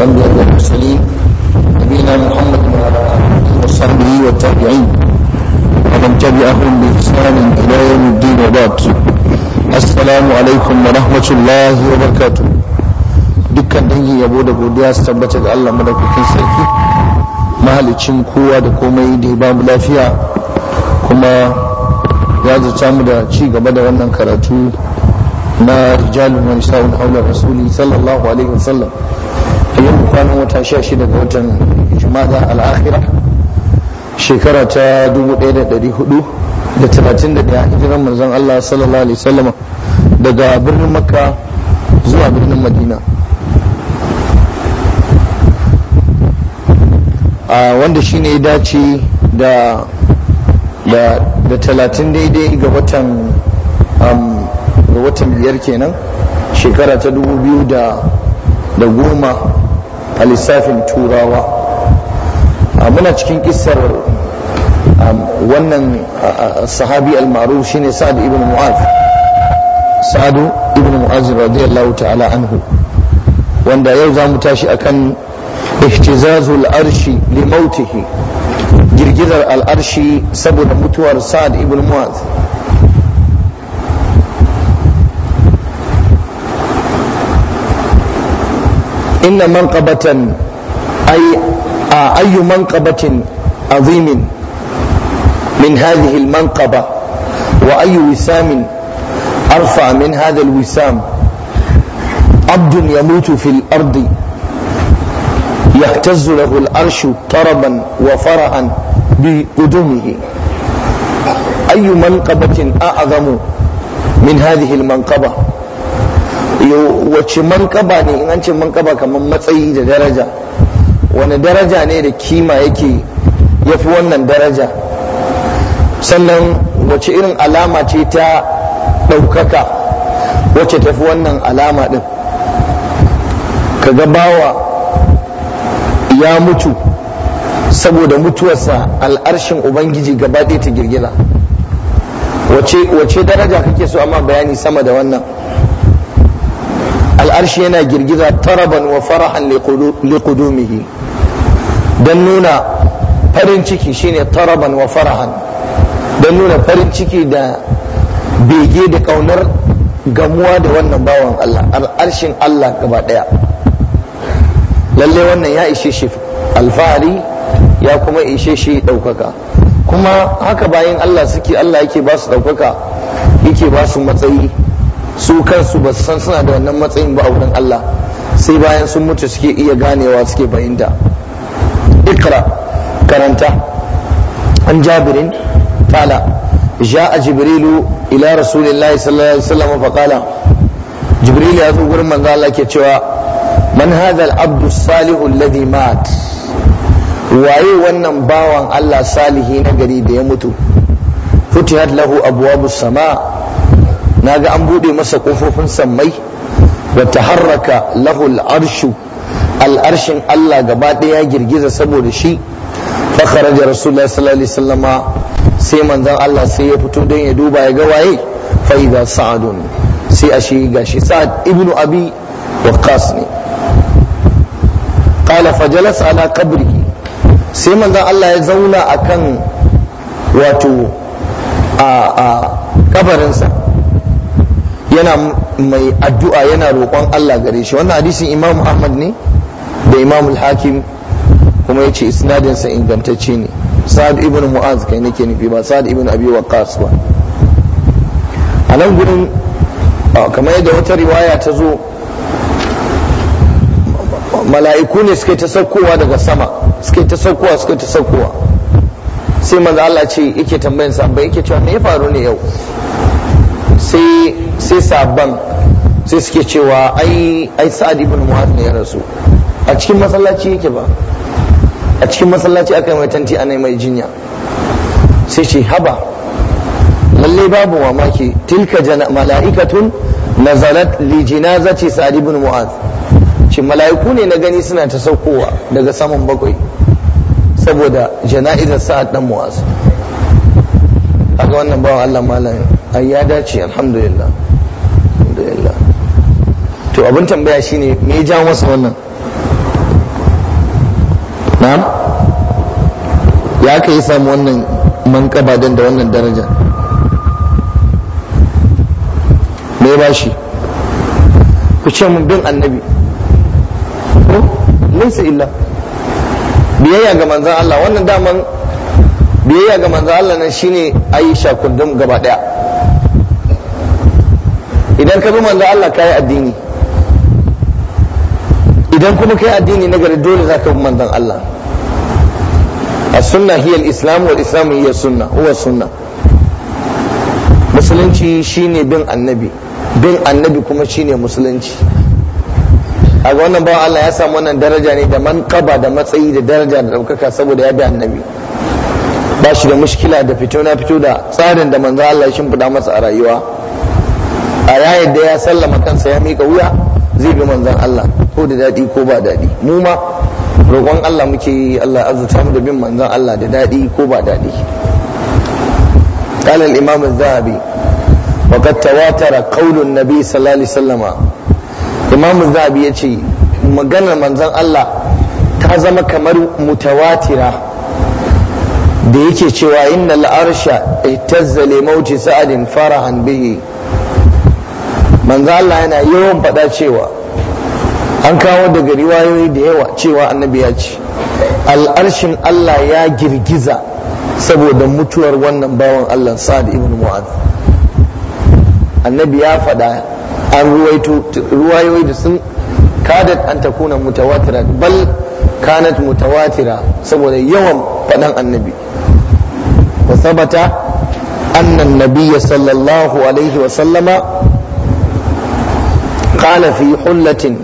الأنبياء والمرسلين نبينا محمد وعلى آله وصحبه والتابعين ومن تبعهم بإحسان إلى يوم الدين وبعد السلام عليكم ورحمة الله وبركاته dukkan dangi yabo da godiya su tabbata ga Allah madaukakin sarki mahalicin kowa da komai da ya bamu lafiya kuma ya zata mu da ci gaba da wannan karatu na rijalun wa nisa'un haula rasuli sallallahu alaihi wasallam yin kwanan wata sha shida ga watan jumada al'akhira shekara ta dubu da da da hudu talatin 1431 hijiran manzon Allah sallallahu alaihi wasallam daga birnin makka zuwa birnin madina a wanda shine ne dace da da talatin daidai ga watan ga watan biyar kenan shekara ta dubu biyu da goma a lissafin turawa a muna cikin kisar um, wannan sahabi al shine sa'ad ibn mu'az sa'ad ibn mu'az radiyallahu ta'ala anhu wanda yau za mu tashi akan ihtizazul arshi li mautihi girgizar al'arshi saboda mutuwar sa'ad ibn mu'az إن منقبة أي آه، أي منقبة عظيم من هذه المنقبة وأي وسام أرفع من هذا الوسام عبد يموت في الأرض يهتز له الأرش طربا وفرحا بقدومه أي منقبة أعظم من هذه المنقبة wacce mankaba ne in an ce mankaba kamar matsayi da daraja wani daraja ne da kima yake ya fi wannan daraja sannan wace irin alama ce ta ɗaukaka wace ta fi wannan alama ɗin ka gabawa ya mutu saboda mutuwarsa al'arshin ubangiji gaba ta girgila wace daraja kake so amma bayani sama da wannan al'arshi yana girgiza taraban wa farahan liqudumihi don nuna farin ciki shine taraban wa farahan don nuna farin ciki da bege da kaunar gamuwa da wannan bawan Allah al'arshin Allah gaba daya lalle wannan ya ishe shi alfahari ya kuma ishe shi ɗaukaka kuma haka bayan Allah suke Allah yake ba su ɗaukaka yake ba su matsayi su kansu ba san suna da wannan matsayin ba a wurin Allah sai bayan sun mutu suke iya ganewa suke fahimta ikra karanta an jabirin qala ja'a jibrilu ila rasulillahi sallallahu alaihi wasallam fa qala jibril ya zo gurin manzo Allah ke cewa man hadha al-abdu salihu alladhi mat waye wannan bawan Allah salihi na gari da ya mutu futihat lahu abwabus sama' Na ga an buɗe masa kofofin sammai da ta harraka al-arshu al Allah gaba daya girgiza saboda shi Fakarar da rasulullah sallallahu alaihi wasallama sai manzon Allah sai ya fito don ya duba ya ga waye fa idza sa'adun sai ashe gashi sa'ad ibnu abi waqas ne qala fa jalasa ala qabrihi sai manzon Allah ya zauna akan wato a a kabarinsa yana mai addu'a yana roƙon Allah gare shi wannan hadisin Imam Ahmad ne da Imam al-Hakim kuma yace isnadin sa ingantacce ne Sa'ad ibn Mu'az kai nake nufi ba Sa'ad ibn Abi Waqqas ba a nan gurin kamar yadda wata riwaya ta zo mala'iku ne suke ta saukowa daga sama suke ta saukowa suke ta saukowa sai manzo Allah ce yake tambayin sa ba yake cewa me ya faru ne yau sai sai sabban sai suke cewa ai ai sa'ad ibn ne ya rasu a cikin masallaci yake ba a cikin masallaci aka mai tanti ana mai jinya sai ce haba lalle babu mamaki tilka mala'ikatun nazalat li jinazati sa'ad ibn mu'adh ce mala'iku ne na gani suna ta saukowa daga saman bakwai saboda jana'izar sa'ad dan mu'az kaga wannan bawan Allah malamin ai ya dace alhamdulillah to abin tambaya shine me ya jawo masa wannan na'am ya ka yi samu wannan mankaba dan da wannan daraja me ba shi ku ce mun bin annabi laysa illa biyayya ga manzon Allah wannan daman biyayya ga manzon Allah nan shine Aisha kundum gaba daya idan ka bi manzo Allah kai addini idan kuma kai addini na gari dole za ka bi manzon Allah as-sunna hiya al-islam islamu islam hiya sunna huwa musulunci shine bin annabi bin annabi kuma shine musulunci a ga wannan bawan Allah ya samu wannan daraja ne da manqaba da matsayi da daraja da ɗaukaka saboda ya bi annabi ba shi da mushkila da fito na fito da tsarin da manzo Allah ya shimfiɗa masa a rayuwa a ya yadda ya sallama kansa ya mika wuya zai bi manzon Allah ko da daɗi ko ba daɗi mu ma roƙon Allah muke yi Allah azurta mu da bin manzon Allah da daɗi ko ba daɗi قال الإمام الذهبي وقد تواتر قول النبي صلى الله عليه وسلم إمام الذهبي maganar manzon Allah ta zama kamar tawatira. da yake cewa inna la'arsha ittazza li mauti sa'adin farahan bihi manzo Allah yana yawan faɗa cewa an kawo daga riwayoyi da yawa cewa annabi ya ce al'arshin Allah ya girgiza saboda mutuwar wannan bawan Allah Sa'ad ibn Mu'ad annabi ya faɗa an ruwaito ruwayoyi da sun kadat an takuna mutawatira bal kanat mutawatira saboda yawan faɗan annabi wa sabata annan nabiyya sallallahu alaihi wa sallama قال في حلة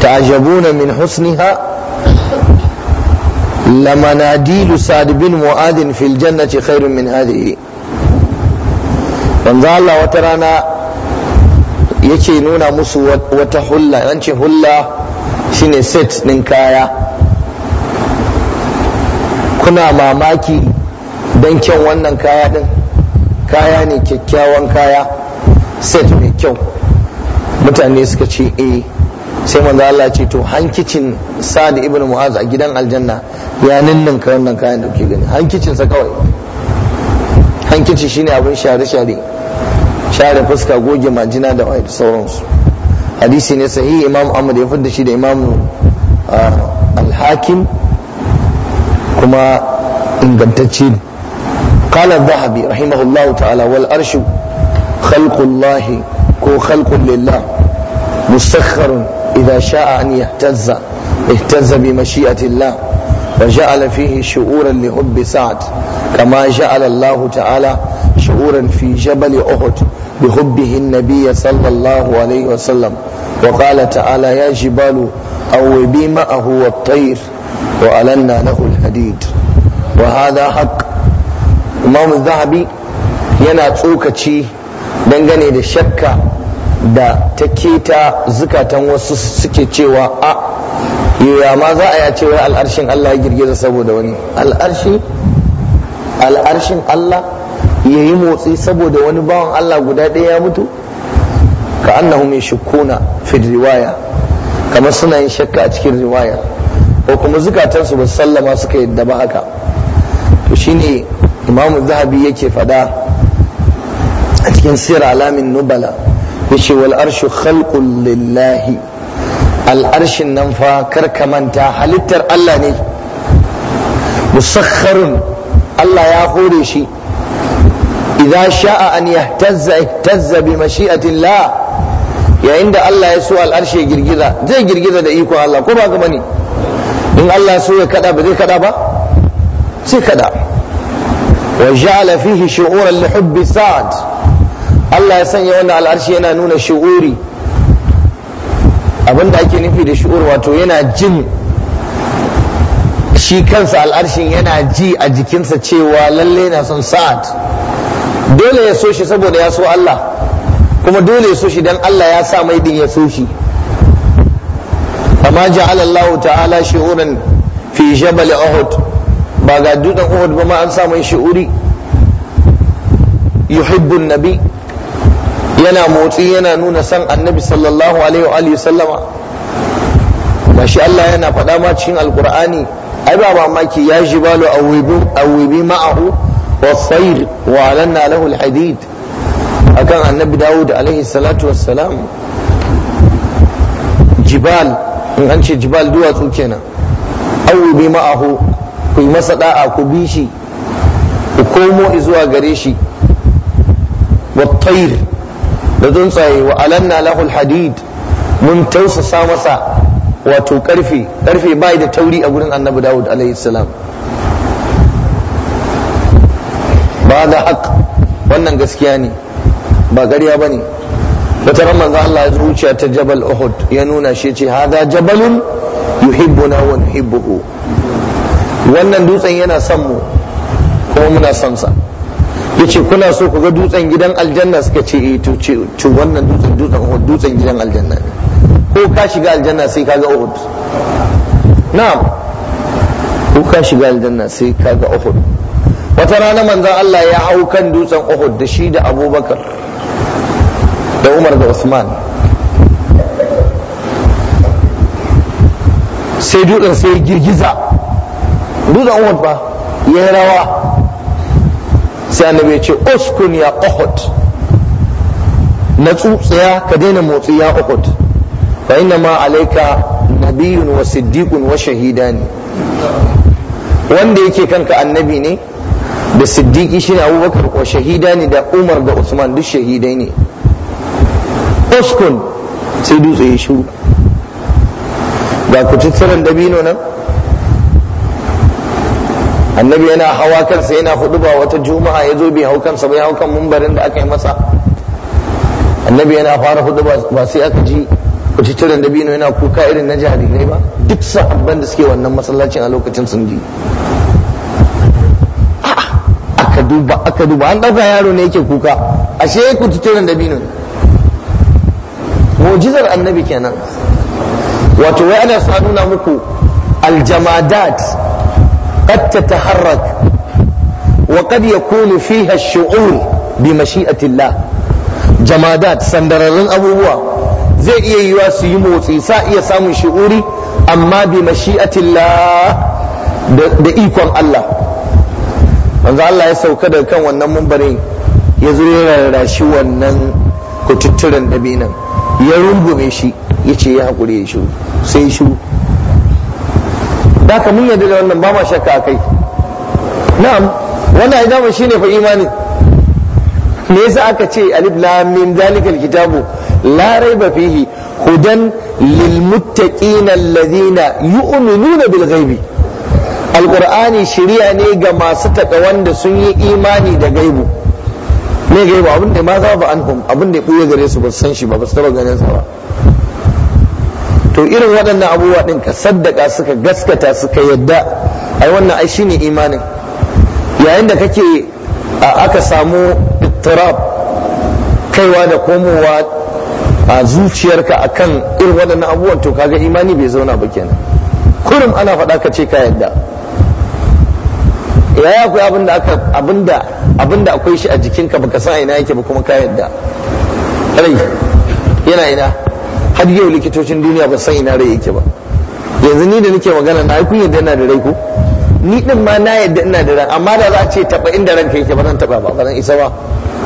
تعجبون من حسنها لمناديل سعد بن معاذ في الجنة خير من هذه wata rana yake nuna musu wata hulla an hulla shine set ɗin kaya kuna mamaki don kyan wannan kaya kaya ne kyakkyawan kaya set mai kyau mutane suka ce eh sai manzo Allah ce to hankicin Sa'ad ibn Mu'az a gidan aljanna ya ninnin ka wannan kayan da kuke gani hankicin sa kawai hankicin shine abin share share share fuska goge majina da wai sauransu hadisi ne sahihi Imam Ahmad ya fadda shi da Imam ah, Al-Hakim kuma ingantacce قال الذهبي رحمه الله تعالى والأرش خلق الله ko خلق لله مسخر إذا شاء أن يهتز اهتز بمشيئة الله وجعل فيه شعورا لحب سعد كما جعل الله تعالى شعورا في جبل أحد بحبه النبي صلى الله عليه وسلم وقال تعالى يا جبال أوبي معه والطير وألنا له الحديد وهذا حق إمام الذهبي yana tsokaci dangane da shakka da ta keta zukatan wasu suke cewa a ya ma za a ya wai al'arshin Allah ya girgiza saboda wani al'arshi al'arshin Allah ya yi motsi saboda wani bawan Allah guda ɗaya ya mutu ka annahum yashkuna fi riwaya kamar suna yin shakka a cikin riwaya ko kuma zukatansu ba sallama suka yadda ba haka to shine imamu zahabi yake fada a cikin sirra alamin nubala yace wal arshu khalqun lillahi al arshin nan fa karka manta halittar Allah ne musakharun Allah ya hore shi idza sha'a an yahtazza ihtazza bi mashi'atillah yayin da Allah ya so al arshi girgiza zai girgiza da iko Allah ko ba ga bane in Allah so ya kada ba zai kada ba sai kada wa ja'ala fihi shu'uran li hubbi sa'd Allah ya sanya wannan al'arshi yana nuna shi'uri abinda ake nufi da shi'ur wato yana jin shi kansa al'arshin yana ji a jikinsa cewa lalle na son sa'ad dole ya so shi saboda ya so Allah kuma dole ya so shi dan Allah ya sa mai din ya so shi amma ja'ala Allah ta'ala shi'uran fi jabal Uhud ba ga dutsen Uhud ba ma an sa mai shi'uri yuhibbun nabi yana motsi yana nuna san annabi sallallahu alaihi wa sallama gashi Allah yana faɗa ma cikin alkur'ani ai ba mamaki ya ji balo awibi ma'ahu wa sayr wa alanna lahu alhadid akan annabi dawud alaihi salatu wassalam jibal in an ce jibal duwatsu kenan awibi ma'ahu ku yi masa da'a ku bi shi ku komo zuwa gare shi wa tayr da tsuntsaye wa alanna lahul mun tausasa masa wato karfe karfe bai da tauri a gurin annabi dawud alaihi salam ba da haq wannan gaskiya ne ba garya ba ne wata ran manzo Allah ya zuciya ta jabal uhud ya nuna shi ce hada jabalun yuhibbuna wa nuhibbuhu wannan dutsen yana son mu kuma muna son sa ce kuna so ku ga dutsen gidan aljanna suka ce eh to wannan dutsen dutsen Uhud dutsen gidan aljanna ko ka shiga aljanna sai ka ga Uhud na'am ko ka shiga aljanna sai ka ga Uhud wata rana manzon Allah ya hau kan dutsen Uhud da shi da Abubakar da Umar da Usman sai dutsen sai girgiza dutsen Uhud ba ya rawa sai annabi ya ce uskun ya uhud na tsutsaya ka daina motsi ya uhud fa inna ma alaika nabiyyun wa siddiqun wa shahidani wanda yake kanka annabi ne da siddiqi shine abubakar ko shahida ne da umar da usman duk shahidai ne uskun sai dutse ya shiru ga ku dabino nan annabi yana hawa kansa yana hudu ba wata juma'a ya zo bai hau kansa bai hau kan mumbarin da aka yi masa annabi yana fara hudu ba sai aka ji kucicirin da bino yana kuka irin na jarirai ba duk sahabban da suke wannan masallacin a lokacin sun ji aka duba aka duba an ɗauka yaro ne yake kuka ashe ya kucicirin da ne mu'jizar annabi kenan wato wai ana sa nuna muku aljamadat قد تتحرك وقد يكون فيها الشعور بمشيئة الله جمادات سندررن abubuwa zai iya yiwa su yi motsi sa iya samun shi'uri amma bi da ikon Allah manzo Allah ya sauka daga kan wannan mumbarin ya zo ya rarrashi wannan kututturen dabinan ya rungume shi ya ce ya haƙuri ya ya shiru da ka mun yadda da wannan ba ma shakka a kai na'am wannan ai dama shine fa imani me yasa aka ce alif lam mim zalikal kitabu la raiba fihi hudan lil muttaqina alladhina yu'minuna bil ghaibi alqur'ani shari'a ne ga masu taka wanda sun yi imani da gaibu ne gaibu abin da ma za ba anhum abin da ya buye gare su ba san shi ba ba su taba ganin sa ba to irin waɗannan abubuwa ɗin ka saddaka suka gaskata suka yadda ai wannan ai shine imanin yayin da kake aka samu turab kaiwa da komowa a zuciyarka akan irin waɗannan abubuwan to kaga imani bai zauna ba kenan kurum ana faɗa ka ce ka yadda yaya akwai abinda aka abinda abinda akwai shi a jikinka baka san a ina yake ba kuma ka yadda rai yana ina har yau likitocin duniya ba san ina rai yake ba yanzu ni da nake magana na kun yadda ina da rai ku? ni din ma na yadda ina da rai amma da za a ce taba inda ranka yake ba zan taba ba ba zan isa ba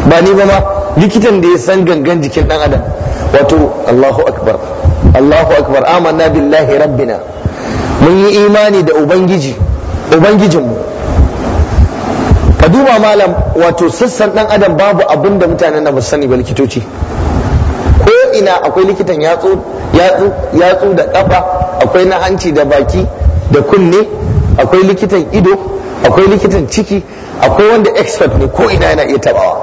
ba ni ba ma likitan da ya san gangan jikin dan adam wato Allahu akbar Allahu akbar amanna billahi rabbina mun yi imani da ubangiji ubangijinmu ka duba malam wato sassan dan adam babu abin da mutanen na ba sani ba likitoci ina akwai likitan yatsu da kafa akwai na hanci da baki da kunne akwai likitan ido akwai likitan ciki akwai wanda expert ne ko ina yana iya tabawa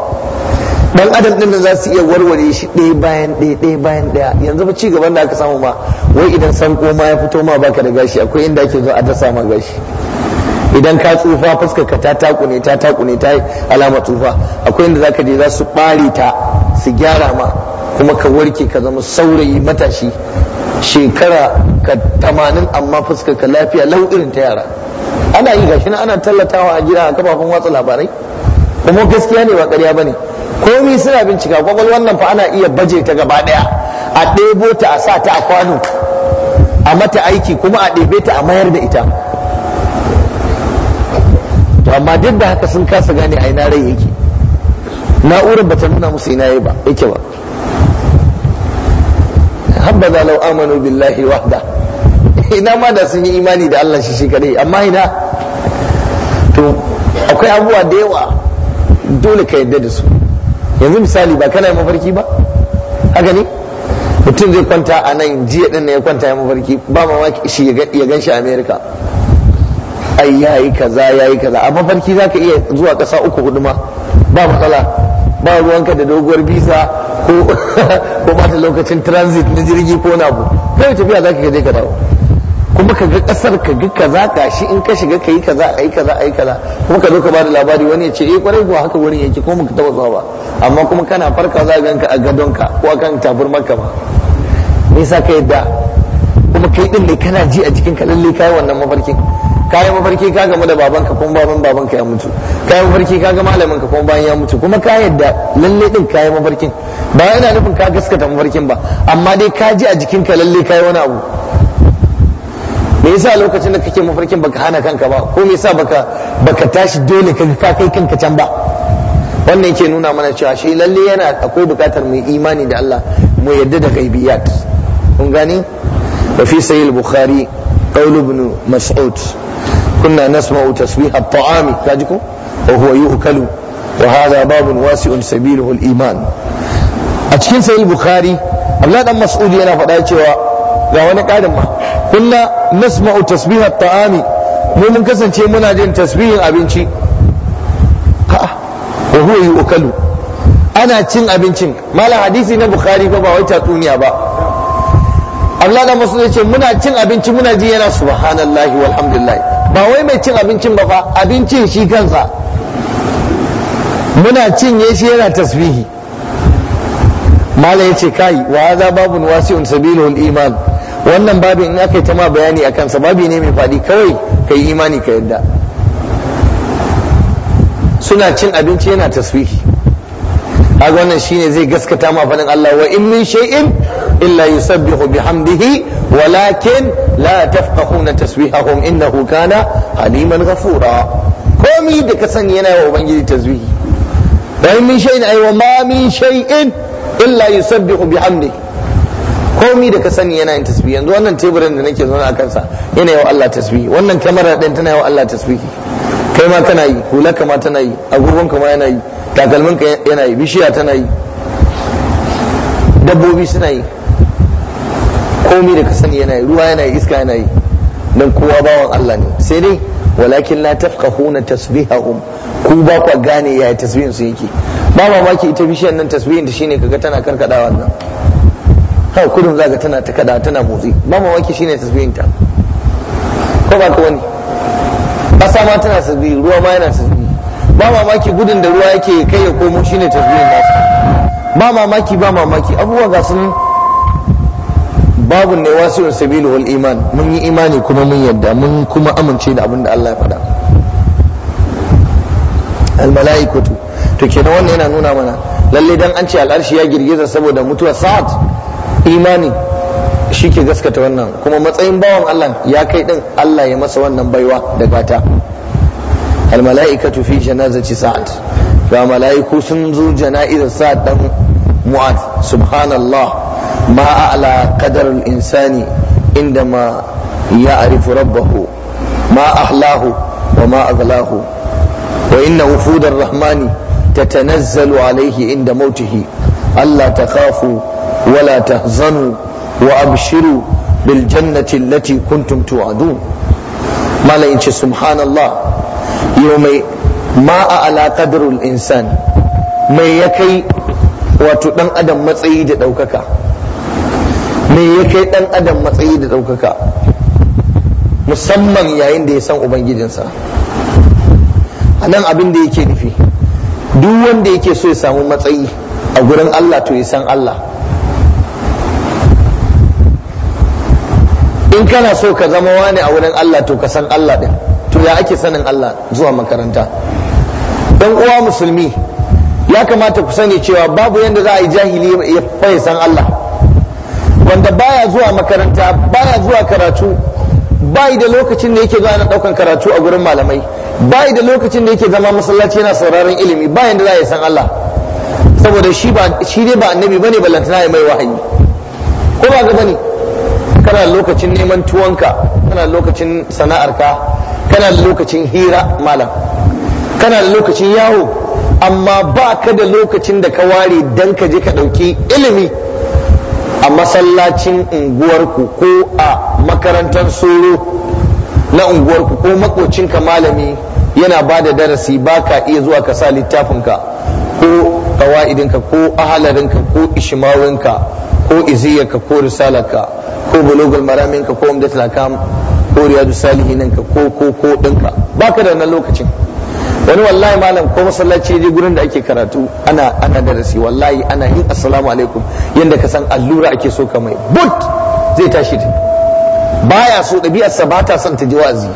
dan adam din da za su iya warware shi ɗaya bayan ɗaya ɗaya bayan ɗaya yanzu ba ci gaban da aka samu ma wai idan sanko ma ya fito ma baka da gashi akwai inda ake zo a dasa ma gashi idan ka tsufa fuskar ka ta takune ta takune ta alama tsufa akwai inda zaka je za su ɓare ta su gyara ma kuma ka warke ka zama saurayi matashi shekara ka tamanin amma fuskar ka lafiya lau irin ta yara ana yi gashi na ana tallatawa a gida a kafafen watsa labarai kuma gaskiya ne ba ƙarya ne komi suna bincika kwakwal wannan fa ana iya baje ta gaba ɗaya a ɗebo ta a sa ta a kwano a mata aiki kuma a ɗebe ta a mayar da ita to amma duk da haka sun kasa gane a ina rai yake na'urar bata nuna musu ina yi ba yake ba habbaza law amanu billahi wahda ina ma da sun yi imani da Allah shi shi kadai amma ina to akwai abubuwa da yawa dole ka yadda da su yanzu misali ba kana mafarki ba haka ne mutum zai kwanta a nan jiya din ya kwanta ya mafarki ba mamaki shi ya gan shi america ai yayi kaza yayi kaza a mafarki zaka iya zuwa kasa uku hudu ma ba matsala ba ruwanka da doguwar bisa ko ba ta lokacin transit na jirgi ko na abu kai tafiya zaka ka je ka dawo kuma ka ga kasar ka ga kaza ka shi in ka shiga ka yi kaza a kaza a kaza kuma ka zo ka bada labari wani ya ce eh kwarai kuwa haka wurin yake ko muka taba zuwa ba amma kuma kana farka za ganka a gadonka ko akan maka ba me yasa ka yadda kuma kai din ne kana ji a jikin ka lalle kai wannan mafarkin kayan mafarki ka gamu da babanka kuma baban babanka ya mutu kayan mafarki ka ga malamin ka kuma bayan ya mutu kuma ka yadda lalle din kayan mafarkin ba yana nufin ka gaskata mafarkin ba amma dai ka ji a jikin ka lalle kai wani abu me yasa lokacin da kake mafarkin baka hana kanka ba ko me yasa baka baka tashi dole ka ka kai kanka can ba wannan yake nuna mana cewa shi lalle yana akwai bukatar mu imani da Allah mu yadda da gaibiyat kun gani wa fi sayyid bukhari ibn mas'ud kunna nasma'u tasbiha at-ta'ami ko wa huwa yu'kalu wa hadha babun wasi'un sabiluhu iman a cikin sahih bukhari Abdullah dan Mas'ud yana faɗa cewa ga wani ƙarin ma kunna nasma'u tasbiha at mu kasance muna tasbihin abinci ka'a wa huwa yu'kalu ana cin abincin malam hadisi na bukhari ba ba wai tatsuniya ba Allah da ce muna cin abinci muna ji yana subhanallahi walhamdulillah ba wai mai cin abincin ba fa abincin shi kansa muna cinye shi yana tasbihi mala ya ce kai wa babu babun wasi'un sabilul iman wannan babi in aka yi ta ma bayani a kansa babi ne mai faɗi kawai ka yi imani ka yadda suna cin abinci yana tasbihi kaga wannan shine zai gaskata ma faɗin Allah wa in min shay'in illa yusabbihu bihamdihi walakin la tafqahuna taswihahum innahu kana aliman ghafura komi da ka sani yana wa ubangiji taswihi wa min shay'in ay wa ma min shay'in illa ku bi bihamdi komi da ka sani yana yin tasbihi yanzu wannan teburin da nake zaune a kansa yana wa Allah tasbihi wannan kamera din tana yi wa Allah tasbihi kai ma kana yi hularka ma tana yi agogonka ma yana yi takalminka yana yi bishiya tana yi dabbobi suna yi komi da ka sani yana yi ruwa yana yi iska yana yi dan kowa bawan Allah ne sai dai walakin la tafqahuna tasbihahum ku ba ku gane yaya tasbihin su yake ba mamaki ita bishiyar nan tasbihin ta shine kaga tana karkadawa nan ha kudin zaka tana ta kada tana motsi ba mamaki shine tasbihin ta ko ba ka wani ƙasa ma tana tasbihi ruwa ma yana tasbihi ba mamaki gudun da ruwa yake kai ya komo shine tasbihin nasu ba mamaki ba mamaki abubuwa ga su Babu ne wasi'un sabilu wal iman mun yi imani kuma mun yadda mun kuma amince da abin da Allah ya faɗa al mala'ikatu to kenan wannan yana nuna mana lalle dan an ce al'arshi ya girgiza saboda mutuwar sa'ad imani shi ke gaskata wannan kuma matsayin bawan Allah ya kai din Allah ya masa wannan baiwa da gata al mala'ikatu fi janazati sa'ad ga mala'iku sun zo jana'izar sa'ad dan mu'ad subhanallah ما أعلى قدر الإنسان عندما يعرف ربه ما أحلاه وما أغلاه وإن وفود الرحمن تتنزل عليه عند موته ألا تخافوا ولا تحزنوا وأبشروا بالجنة التي كنتم توعدون ما لإنش سبحان الله يوم ما أعلى قدر الإنسان ما يكي وتدن أدم متسيد أوككا me ya kai ɗan adam matsayi da ɗaukaka musamman yayin da ya san ubangijinsa a nan abin da yake nufi duk wanda yake so ya samu matsayi a gurin Allah to ya san Allah in kana so ka zama wani a wurin Allah to ka san Allah din to ya ake sanin Allah zuwa makaranta dan uwa musulmi ya kamata ku sani cewa babu yadda za a yi jahili ya san Allah wanda baya zuwa makaranta baya zuwa karatu bai da lokacin da yake zuwa yana daukan karatu a gurin malamai bai da lokacin da yake zama masallaci yana sauraron ilimi bai da za ya san Allah saboda shi ba shi ne ba annabi bane ballantana ya mai wahayi ko ba ga bane kana lokacin neman tuwanka kana lokacin sana'arka kana lokacin hira malam kana da lokacin yawo amma ba ka da lokacin da ka ware dan ka je ka ɗauki ilimi a masallacin unguwarku ko a makarantar soro na unguwarku ko makocinka malami yana ba da darasi ba ka iya zuwa ka sa littafinka ko kawa'idinka ko ahalarinka ko ishimawinka ko iziyarka ko risalarka ko bulogul maraminka ko umdatul hakam ko riyadu salihinanka ko ko ko ɗinka baka da wannan lokacin wani wallahi malam ko masallaci je gurin da ake karatu ana ana darasi wallahi ana yin assalamu alaikum yanda ka san allura ake so ka mai but zai tashi baya so sa ba ta son ta ji wa'azi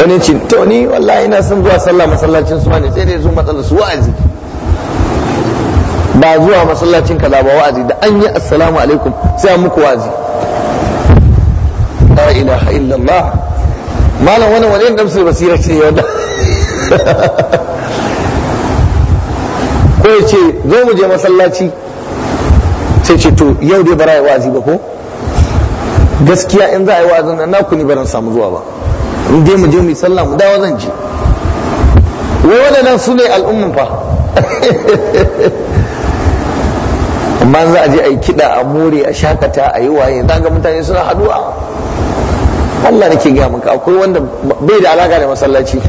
wani cin to ni wallahi ina son zuwa sallah masallacin su ne sai dai zo matsalar su wa'azi ba zuwa masallacin kaza ba wa'azi da an yi assalamu alaikum sai an muku wa'azi la ilaha illallah malam wani wani dan basira ce wanda ko ya ce zo mu je masallaci sai ce to yau dai bara yi wazi ba ko gaskiya in za a yi wa'azin nan naku ni baran samu zuwa ba in dai mu je mu yi sallah mu dawo zan je wai waɗannan su ne al'umma fa amma za a je a yi kiɗa a more a shakata a yi waye za ga mutane suna haduwa Allah nake gaya maka akwai wanda bai da alaka da masallaci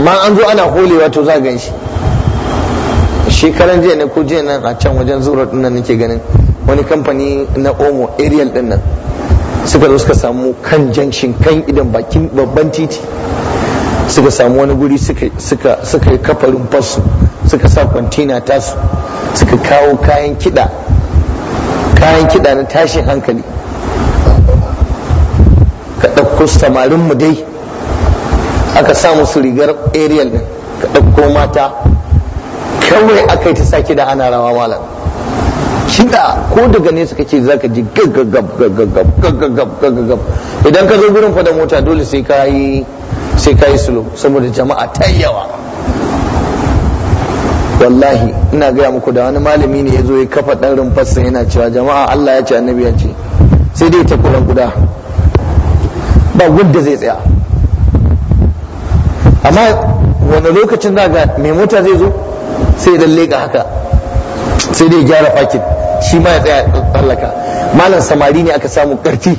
amma an zo ana holewa to za gan shi shekaran jiya ne ko jiya nan a can wajen zura din nan nake ganin wani kamfani na omo aerial din nan suka zo suka samu kan janshin kan idan bakin babban titi suka samu wani guri suka yi kafarin rumfarsu suka sa kwantina tasu suka kawo kayan kiɗa kayan kiɗa na tashin hankali ka ɗauko samarin mu dai aka sa musu rigar ariel din ka ɗauko mata kawai aka yi ta sake da ana rawa malam shida ko daga nesa kake za ka ji gaggagab gaggagab gaggagab idan ka zo gurin fada mota dole sai ka yi sai ka yi saboda jama'a ta yawa wallahi ina gaya muku da wani malami ne ya zo ya kafa ɗan rumfarsa yana cewa jama'a Allah ya ce annabi ya ce sai dai ta kuran guda ba gudda zai tsaya amma wani lokacin da ga mai mota zai zo sai dan leka haka sai dai gyara fakin shi ma ya tsaya tsallaka malam samari ne aka samu karfi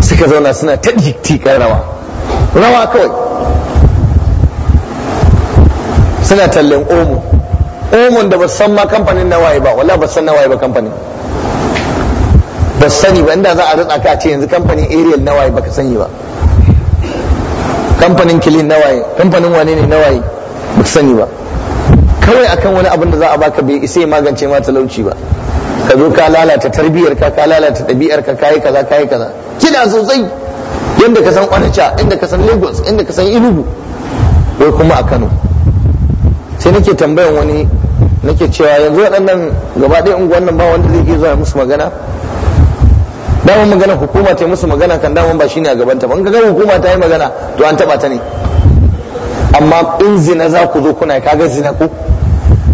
suka zauna suna ta tikar rawa rawa kawai suna tallen omo omon da ba san ma kamfanin na waye ba wala ba san na waye ba kamfanin ba sani ba inda za a rutsa ka ce yanzu kamfanin ariel na waye baka sani ba kamfanin kilin na waye, kamfanin wane ne na waye? ba sani ba kawai akan wani abin da za a baka bai isa ya magance ma talauci ba ka zo ka lalata tarbiyyar ka ka lalata ɗabi'ar ka kayi kaza kayi kaza kina sosai yadda ka san Onitsha inda ka san Lagos inda ka san Enugu ko kuma a Kano sai nake tambayan wani nake cewa yanzu waɗannan gaba ɗaya unguwan nan ba wanda zai iya zuwa musu magana daman magana hukuma ta yi musu magana kan daman ba shine a gabanta ba in kaga hukuma ta yi magana to an taba ta ne amma in zina za ku zo kuna kaga zina ku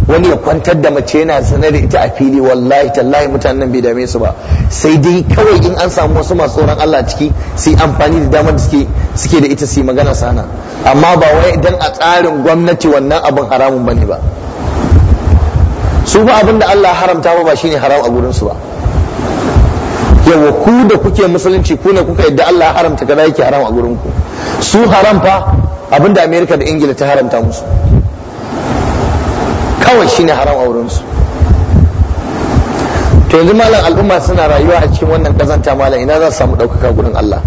wani ya kwantar da mace yana sanar da ita a fili wallahi tallahi mutanen bai dame su ba sai dai kawai in an samu wasu masu tsoron Allah ciki sai amfani da damar da suke da ita su magana sana amma ba wai idan a tsarin gwamnati wannan abin haramun bane ba su ba abin da Allah haramta ba ba shine haram a gurin su ba yawa ku da kuke musulunci ku ne kuka yadda Allah haramta kaza yake haram a gurin ku su haram fa abinda Amerika da Ingila ta haramta musu kawai shine haram a wurin su to yanzu malam al'umma suna rayuwa a cikin wannan kazanta malam ina za su samu ɗaukaka gurin Allah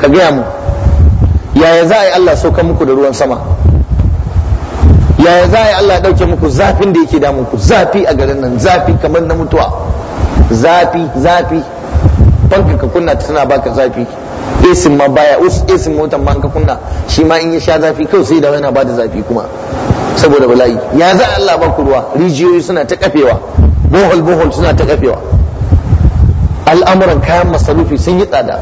ka gaya mu yaya za a yi Allah saukan muku da ruwan sama yaya za a yi Allah ɗauke muku zafin da yake damun ku zafi a garin nan zafi kamar na mutuwa zafi zafi fanka ka kunna ta tana baka zafi isin ma baya us isin motan ma ka kunna shi ma in ya sha zafi kawai sai da yana ba da zafi kuma saboda bala'i ya za Allah ba ku ruwa rijiyoyi suna ta kafewa bohol bohol suna ta kafewa al'amuran kayan masarufi sun yi tsada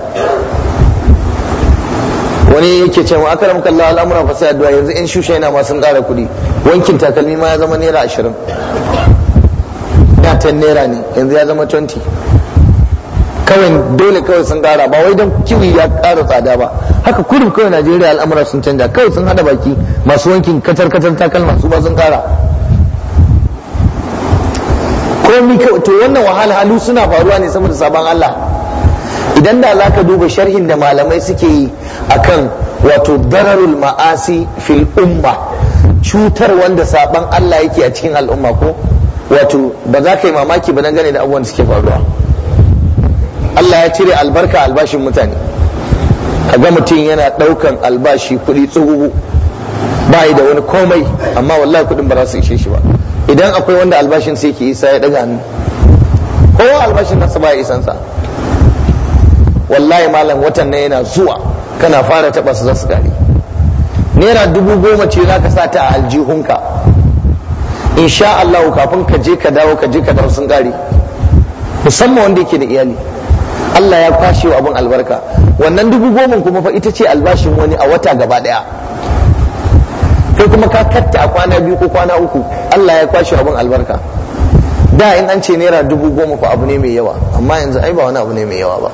wani yake cewa akaram kallah al'amuran fa sai addu'a yanzu in shushe yana ma sun ƙara kuɗi wankin takalmi ma ya zama naira ashirin ya 10 naira ne yanzu ya zama 20 kawai dole kawai sun kara ba wai don kiwi ya kara tsada ba haka kudu kawai najeriya al'amura sun canja kawai sun hada baki masu wankin katar katar takalma su ba sun kara komi to wannan halu suna faruwa ne saboda sabon allah idan da za ka duba sharhin da malamai suke yi a kan wato dararul ma'asi fil umma cutar wanda sabon allah yake a cikin al'umma ko wato ba za ka yi mamaki ba dangane da abubuwan da suke faruwa Allah ya cire albarka albashin mutane ga mutum yana ɗaukan albashi kuɗi tsugugu ba da wani komai amma wallahi kuɗin ba za su ishe shi ba idan akwai wanda albashin sai ke isa ya daga hannu Ko albashin nasa ba ya isansa wallahi malam watan na yana zuwa kana fara taɓa su za su gari naira dubu goma ce za ka sa ta a aljihunka insha Allah kafin ka je ka dawo ka je ka dawo sun kare musamman wanda yake da iyali Allah ya kwashe wa abin albarka wannan dubu goma kuma fa ita ce albashin wani a wata gaba daya kai kuma ka katta a kwana biyu ko kwana uku Allah ya kwashe abin albarka da in an ce naira dubu goma fa abu ne mai yawa amma yanzu ai ba wani abu ne mai yawa ba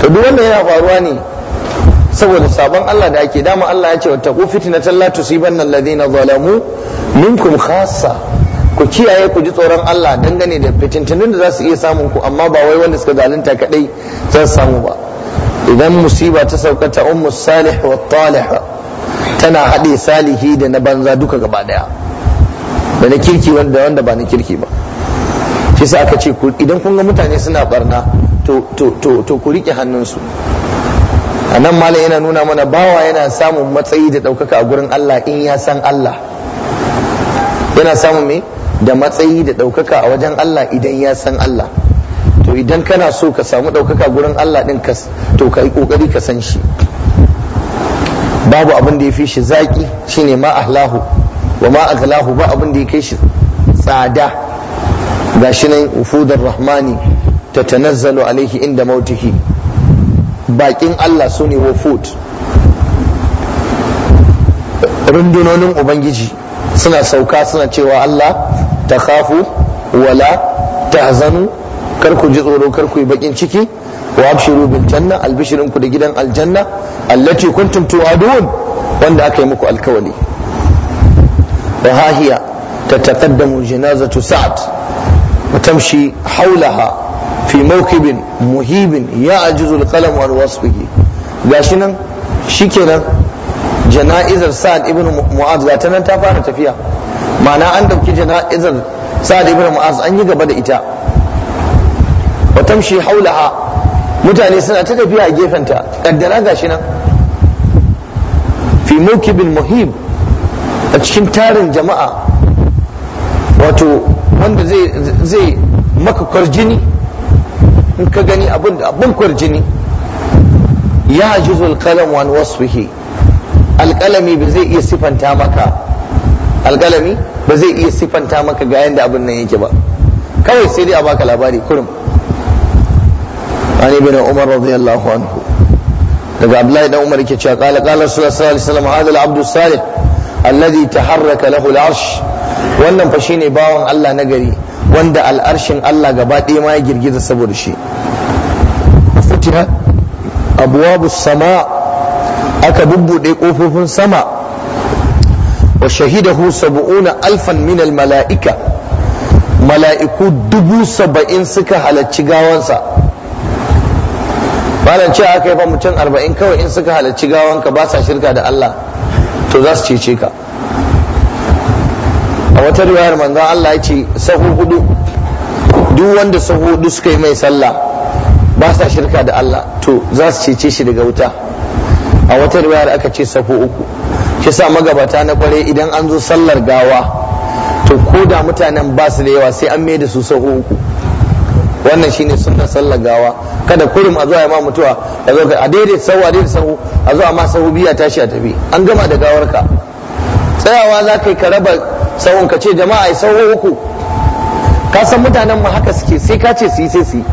to duk wanda yana faruwa ne saboda sabon Allah da ake dama Allah ya ce wa taqu fitnatan la tusibanna alladhina zalamu minkum khassa ku kiyaye ku ji tsoron Allah dangane da fitintunin da za su iya samun ku amma ba wai wanda suka zalunta kadai za su samu ba idan musiba ta sauka ta ummu salih wa talih tana haɗe salihi da na banza duka gaba daya da na kirki wanda wanda ba na kirki ba shi sa aka ce idan kun ga mutane suna barna to to to ku rike hannunsu su a nan malam yana nuna mana bawa yana samun matsayi da ɗaukaka a gurin Allah in ya san Allah yana samun me da matsayi da ɗaukaka a wajen Allah idan ya san Allah to idan kana so ka samu ɗaukaka gurin Allah ɗin to ka yi ka san shi babu abin da ya fi shi zaƙi shine ma ahlahu wa ma aghlahu ba abin da ya kai shi tsada gashi nan ufudar rahmani tatanazzalu alaihi inda mautihi bakin Allah su ne wafut rundunonin ubangiji suna sauka suna cewa Allah ta khafu wala ta zanu karku ji tsoro karku yi bakin ciki wa abshiru bil janna albishirin ku da gidan aljanna allati kuntum tu'adun wanda aka yi muku alkawali wa hahiya tataqaddamu janazatu sa'ad wa tamshi hawlaha fi mawkibin muhibin ya ajizu alqalam wa wasfihi gashi nan shikenan jana'izar sa'ad ibn mu'az ga nan ta fara tafiya ma'ana an ɗauki jana'izar sa'ad ibn mu'az an yi gaba da ita wa tamshi haulaha mutane suna ta tafiya a gefenta kaddara gashi nan fi mawkibin a cikin tarin jama'a wato wanda zai maka kwarjini in ka gani abin da abin kwarjini ya juzu alqalam wan wasfihi Alƙalami ba zai iya sifanta maka alƙalami ba zai iya sifanta maka ga yadda abin nan yake ba kawai sai dai a baka labari kurum an ibn umar radiyallahu anhu daga abdullahi dan umar yake cewa qala qala sallallahu alaihi wasallam hadha al-abdu salih alladhi taharraka lahu al-arsh wannan fa shine bawan Allah na gari. wanda al'arshin Allah gaba ɗaya ma ya girgiza saboda shi futihat abwabus sama aka bubbuɗe ƙofofin sama wa shahidahu sab'una alfan min mala'ika mala'iku dubu saba'in suka halarci gawansa malam ce aka yi ba mutum arba'in kawai in suka halarci gawanka ba sa shirka da Allah to za su cece ka a wata riwayar manzon Allah ya ce sahu hudu duk wanda sahu hudu suka yi mai sallah ba sa shirka da Allah to za su cece shi daga wuta a wata riwayar aka ce sahu uku shi sa magabata na kware idan an zo sallar gawa to ko da mutanen ba su da yawa sai an mai da su sahu uku wannan shine sunnar sallar gawa kada kurum a zo a ma mutuwa a zo a daidai sahu a daidai sahu a zo a ma sahu biya tashi a tafi an gama da gawarka tsayawa za ka yi ka raba sauwan ka ce jama'a ya sauwa uku ka san mutanen mu haka suke sai ka ce su yi sai su yi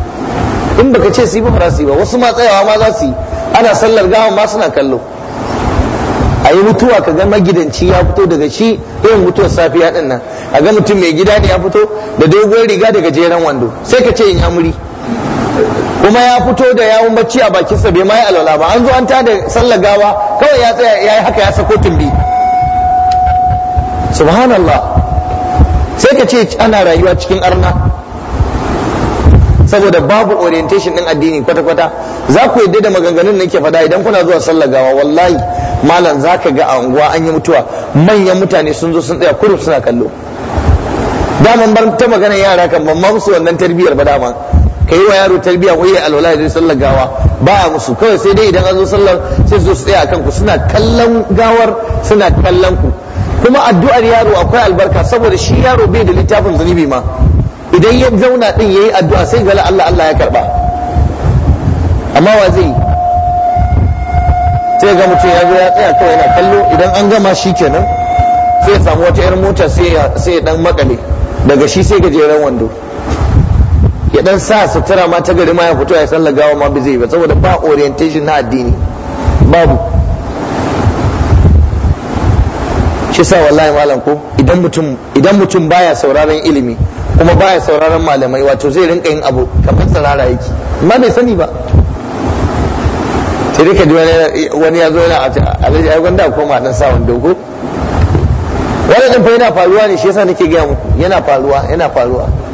in baka ce su yi ba su yi ba wasu ma tsayawa ma za su yi ana sallar gawan ma suna kallo a yi mutuwa ka ga magidanci ya fito daga shi irin mutuwar safiya din nan a ga mutum mai gida ne ya fito da doguwar riga daga jeren wando sai ka ce in yamuri kuma ya fito da yawun bacci a bakinsa bai ma ya alwala ba an zo an da sallar gawa kawai ya tsaya ya yi haka ya sa kotun tumbi subhanallah sai ka ce ana rayuwa cikin arna saboda babu orientation din addini kwata-kwata za ku yadda da maganganun da ke fada idan kuna zuwa sallar gawa wallahi malam za ka ga a unguwa an yi mutuwa manyan mutane sun zo sun tsaya kurum suna kallo daman bar ta magana yara kan ban musu wannan tarbiyyar ba daman ka yi wa yaro tarbiyya wai ya alwala da sallar gawa a musu kawai sai dai idan an zo sallar sai su tsaya kan ku suna kallon gawar suna kallon ku kuma addu'ar yaro akwai albarka saboda shi yaro bai da littafin zunubi ma idan ya zauna din yayi addu'a sai ga Allah Allah ya karba amma wa zai sai ga mutum ya zo ya tsaya kawai yana kallo idan an gama shi kenan sai ya samu wata 'yar mota sai ya dan makale daga shi sai gajeren wando ya dan sa sutura ma ta gari ma ya fito ya sallar gawa ma bai zai ba saboda ba orientation na addini babu shi sa wallahi malam ko idan mutum idan mutum baya sauraron ilimi kuma baya sauraron malamai wato zai rinka yin abu kamar tsirara yake amma bai sani ba sai rika wani ya zo yana alaji ai gwanda ko ma dan sa wanda ko wani din fa yana faruwa ne shi yasa nake gaya muku yana faruwa yana faruwa